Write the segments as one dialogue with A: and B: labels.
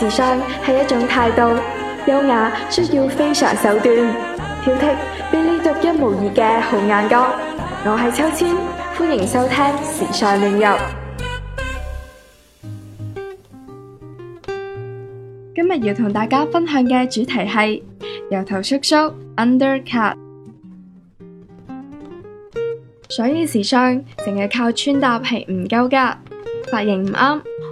A: 時尚係一種態度，優雅需要非常手段，挑剔畀你獨一無二嘅好眼光。我係秋千，歡迎收聽時尚亂入。今日要同大家分享嘅主題係油頭叔叔 undercut，所以時尚淨係靠穿搭係唔夠噶，髮型唔啱。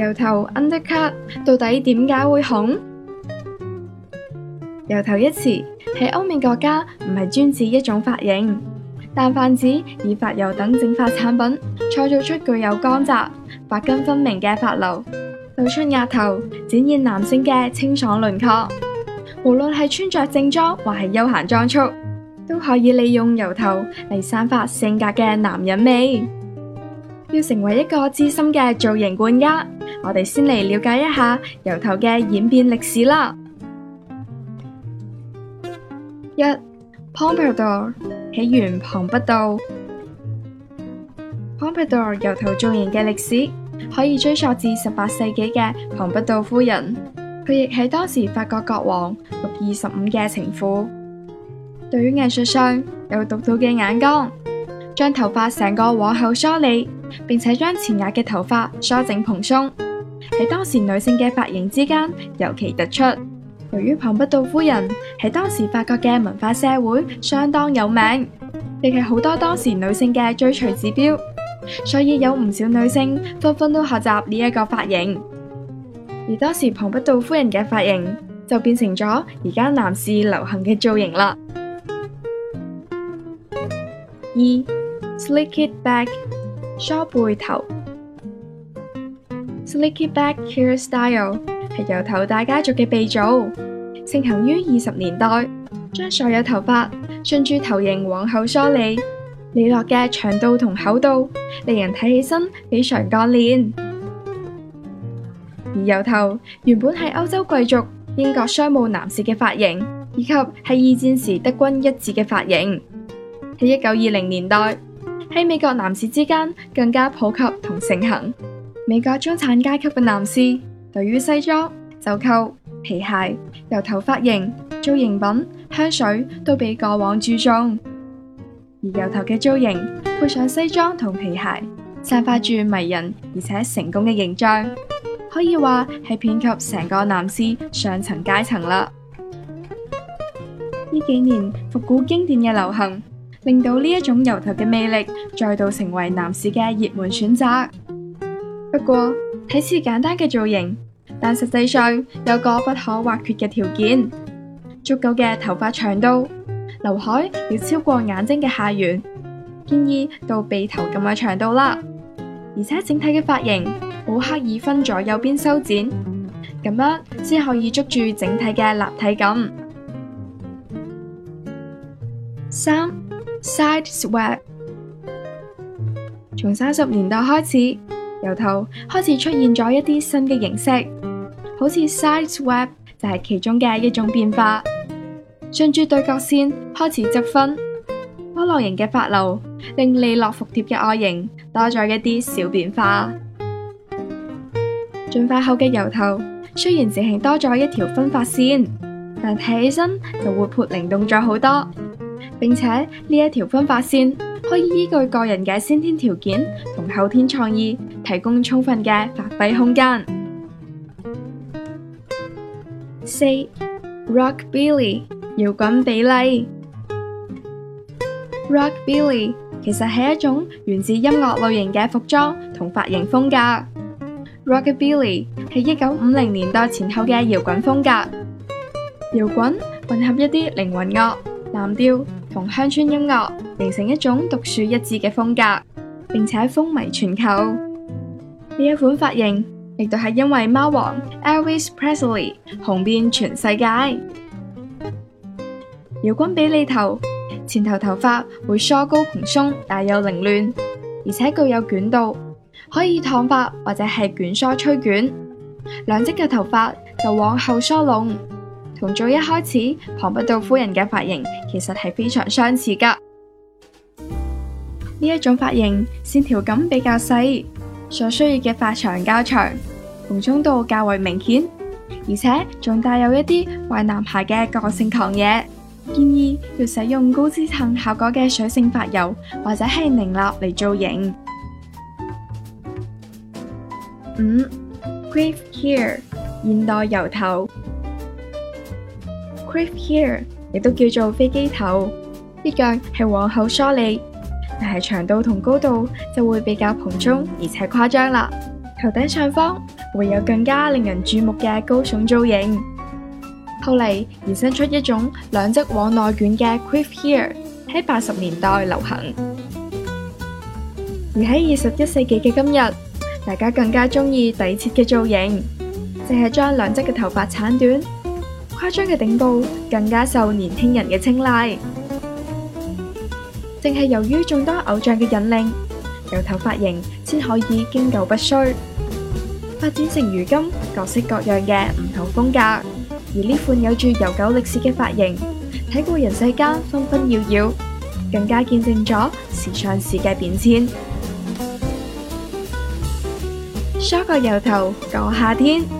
A: 油頭 undercut 到底點解會紅？油頭一詞喺歐美國家唔係專指一種髮型，但泛指以髮油等整髮產品，創造出具有光澤、髮根分明嘅髮流，露出額頭，展現男性嘅清爽輪廓。無論係穿着正裝或係休閒裝束，都可以利用油頭嚟散發性格嘅男人味。要成為一個資深嘅造型管家。我哋先嚟了解一下油頭嘅演變歷史啦。一 Pompadour，起源蓬布道 Pompadour 油頭造型嘅歷史可以追溯至十八世紀嘅蓬布道夫人，佢亦喺當時法國國王六二十五嘅情婦。對於藝術上有獨到嘅眼光，將頭髮成個往後梳理，並且將前額嘅頭髮梳整蓬鬆。喺當時女性嘅髮型之間尤其突出。由於龐畢度夫人喺當時法國嘅文化社會相當有名，亦係好多當時女性嘅追隨指標，所以有唔少女性紛紛都學習呢一個髮型。而當時龐畢度夫人嘅髮型就變成咗而家男士流行嘅造型啦。二、slick it back，梳背頭。Slick back hair style 係油頭大家族嘅鼻祖，盛行於二十年代，將所有頭髮順住頭型往後梳理，利落嘅長度同厚度，令人睇起身非常幹練。而油頭原本係歐洲貴族、英國商務男士嘅髮型，以及喺二戰時德軍一致嘅髮型，喺一九二零年代喺美國男士之間更加普及同盛行。美國中產階級嘅男士對於西裝、袖釦、皮鞋、油頭髮型、造型品、香水都比過往注重。而油頭嘅造型配上西裝同皮鞋，散發住迷人而且成功嘅形象，可以話係遍及成個男士上層階層啦。呢幾年復古經典嘅流行，令到呢一種油頭嘅魅力再度成為男士嘅熱門選擇。不過睇似簡單嘅造型，但實際上有個不可或缺嘅條件：足夠嘅頭髮長度，劉海要超過眼睛嘅下緣，建議到鼻頭咁嘅長度啦。而且整體嘅髮型好刻意分左右邊修剪，咁樣先可以捉住整體嘅立體感。三，side swept，從三十年代開始。油頭開始出現咗一啲新嘅形式，好似 side swept 就係其中嘅一種變化。順住對角線開始執分，波浪形嘅髮流令利落服帖嘅外形多咗一啲小變化。進化後嘅油頭雖然只係多咗一條分髮線，但睇起身就活潑靈動咗好多，並且呢一條分髮線，可以依據個人嘅先天條件同後天創意，提供充分嘅發揮空間。四，Rockabilly 搖滾比例。Rockabilly 其實係一種源自音樂類型嘅服裝同髮型風格。Rockabilly 係一九五零年代前後嘅搖滾風格，搖滾混合一啲靈魂樂、藍調同鄉村音樂形成一種獨樹一幟嘅風格，並且風靡全球。呢一款髮型，亦都係因為貓王 Elvis Presley 紅遍全世界。搖滾 比利頭，前頭頭髮會梳高蓬鬆，但又凌亂，而且具有捲度，可以燙髮或者係捲梳吹捲。兩側嘅頭髮就往後梳攏。從早一開始，龐巴度夫人嘅髮型其實係非常相似噶。呢一種髮型線條感比較細，所需要嘅髮長較長，蓬鬆度較為明顯，而且仲帶有一啲壞男孩嘅個性狂野。建議要使用高支撐效果嘅水性髮油或者係凝蠟嚟造型。五，Graff Here 現代油頭。Quiff hair 亦都叫做飛機頭，呢個係往後梳理，但係長度同高度就會比較蓬鬆而且誇張啦。頭頂上方會有更加令人注目嘅高聳造型。後嚟衍生出一種兩側往內捲嘅 quiff hair，喺八十年代流行。而喺二十一世紀嘅今日，大家更加中意底切嘅造型，淨係將兩側嘅頭髮鏟短。誇張嘅頂部更加受年輕人嘅青睞，正係由於眾多偶像嘅引領，油頭髮型先可以經久不衰，發展成如今各式各樣嘅唔同風格。而呢款有著悠久歷史嘅髮型，睇過人世間紛紛擾擾，更加見證咗時尚史嘅變遷。梳個油頭過夏天。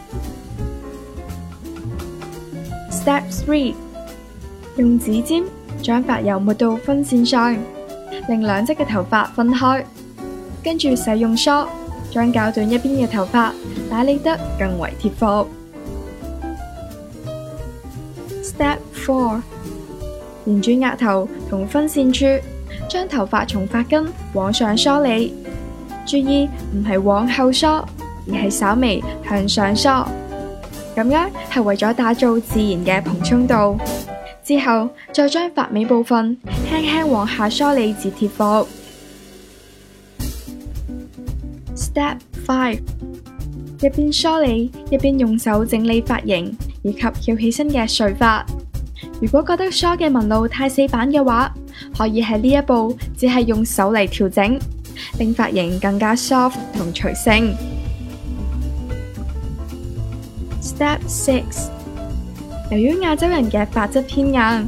A: Step three，用指尖將發油抹到分線上，令兩側嘅頭髮分開。跟住使用梳，將鉸短一邊嘅頭髮打理得更為貼服。Step four，沿住額頭同分線處，將頭髮從發根往上梳理，注意唔係往後梳，而係稍微向上梳。咁樣係為咗打造自然嘅蓬鬆度，之後再將髮尾部分輕輕往下梳理至貼服。Step five，一邊梳理一邊用手整理髮型以及翹起身嘅碎髮。如果覺得梳嘅紋路太死板嘅話，可以喺呢一步只係用手嚟調整，令髮型更加 soft 同隨性。Step six，由於亞洲人嘅髮質偏硬，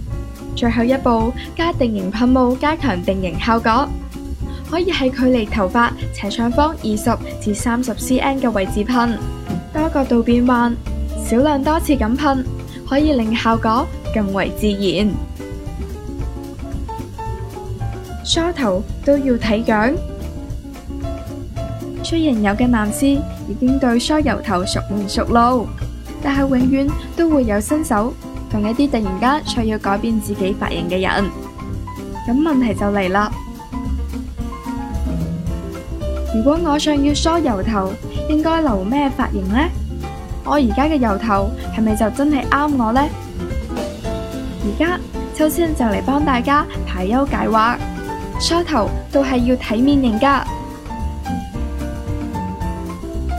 A: 最後一步加定型噴霧加強定型效果，可以喺距離頭髮斜上方二十至三十 cm 嘅位置噴，多角度變幻，少量多次咁噴，可以令效果更為自然。梳頭都要睇樣，雖然有嘅男士已經對梳油頭熟門熟路。但係永遠都會有新手，同一啲突然間想要改變自己髮型嘅人。咁問題就嚟啦。如果我想要梳油頭，應該留咩髮型呢？我而家嘅油頭係咪就真係啱我呢？而家秋千就嚟幫大家排憂解惑，梳頭都係要睇面型㗎。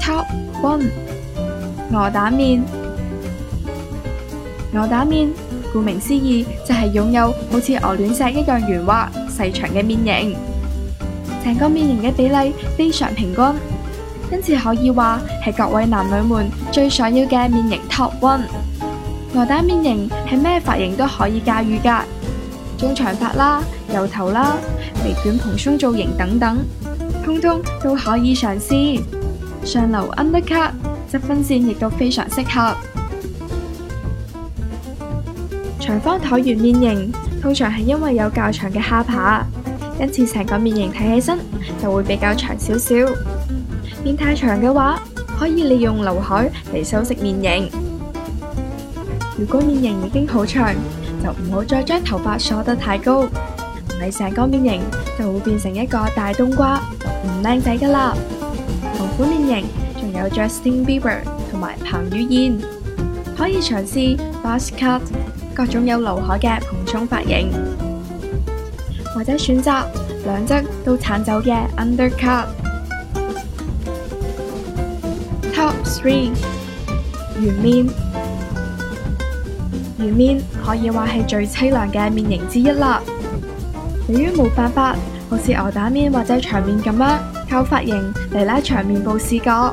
A: Top one。鵝蛋面，鵝蛋面，顧名思義就係、是、擁有好似鵝卵石一樣圓滑細長嘅面型，成個面型嘅比例非常平均，因此可以話係各位男女們最想要嘅面型 top one。鵝蛋面型係咩髮型都可以駕馭噶，中長髮啦、油頭啦、微卷蓬鬆造型等等，通通都可以嘗試。上流 undercut。得分線亦都非常適合。長方橢圓面型通常係因為有較長嘅下巴，因此成個面型睇起身就會比較長少少。面太長嘅話，可以利用劉海嚟，修飾面型。如果面型已經好長，就唔好再將頭髮梳得太高，唔係成個面型就會變成一個大冬瓜，唔靚仔噶啦。同款面型，有 Justin Bieber 同埋彭于晏，可以嘗試 buzz cut 各種有劉海嘅蓬鬆髮型，或者選擇兩側都鏟走嘅 undercut。Top three 圓面，圓面可以話係最淒涼嘅面型之一啦。由於冇辦法，好似鵝蛋面或者長面咁樣，靠髮型嚟拉長面部視覺。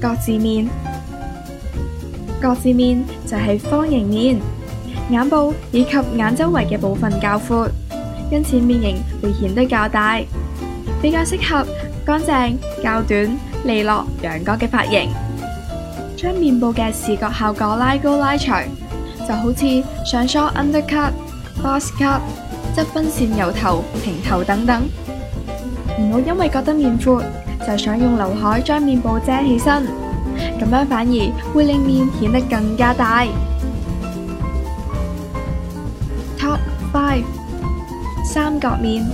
A: 各自面，各自面就係方形面，眼部以及眼周圍嘅部分較闊，因此面型會顯得較大，比較適合乾淨、較短、利落、陽角嘅髮型，將面部嘅視覺效果拉高拉長，就好似上梳 undercut、buzz cut、側分線、油頭、平頭等等，唔好因為覺得面闊。就想用劉海將面部遮起身，咁樣反而會令面顯得更加大。Top five 三角面、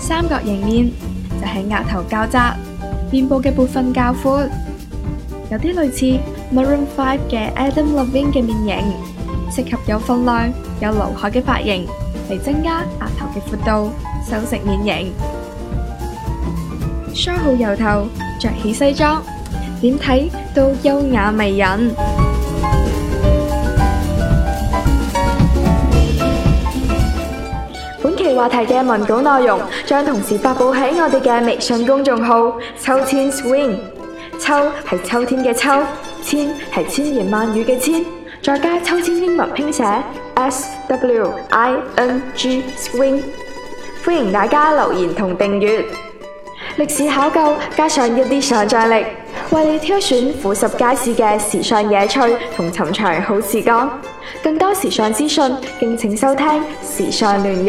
A: 三角形面就係額頭較窄，面部嘅部分較闊，有啲類似 Maroon Five 嘅 Adam Levine 嘅面型，適合有份量、有劉海嘅髮型嚟增加額頭嘅闊度，修飾面型。梳好油頭，着起西裝，點睇都優雅迷人。本期話題嘅文稿內容將同時發佈喺我哋嘅微信公眾號“秋千 swing”。秋係秋天嘅秋，千係千言萬語嘅千，再加秋千英文拼寫 S W I N G swing，歡迎大家留言同訂閱。歷史考究，加上一啲想像力，為你挑選俯拾街市嘅時尚野趣同尋常好時光。更多時尚資訊，敬請收聽《時尚亂入》。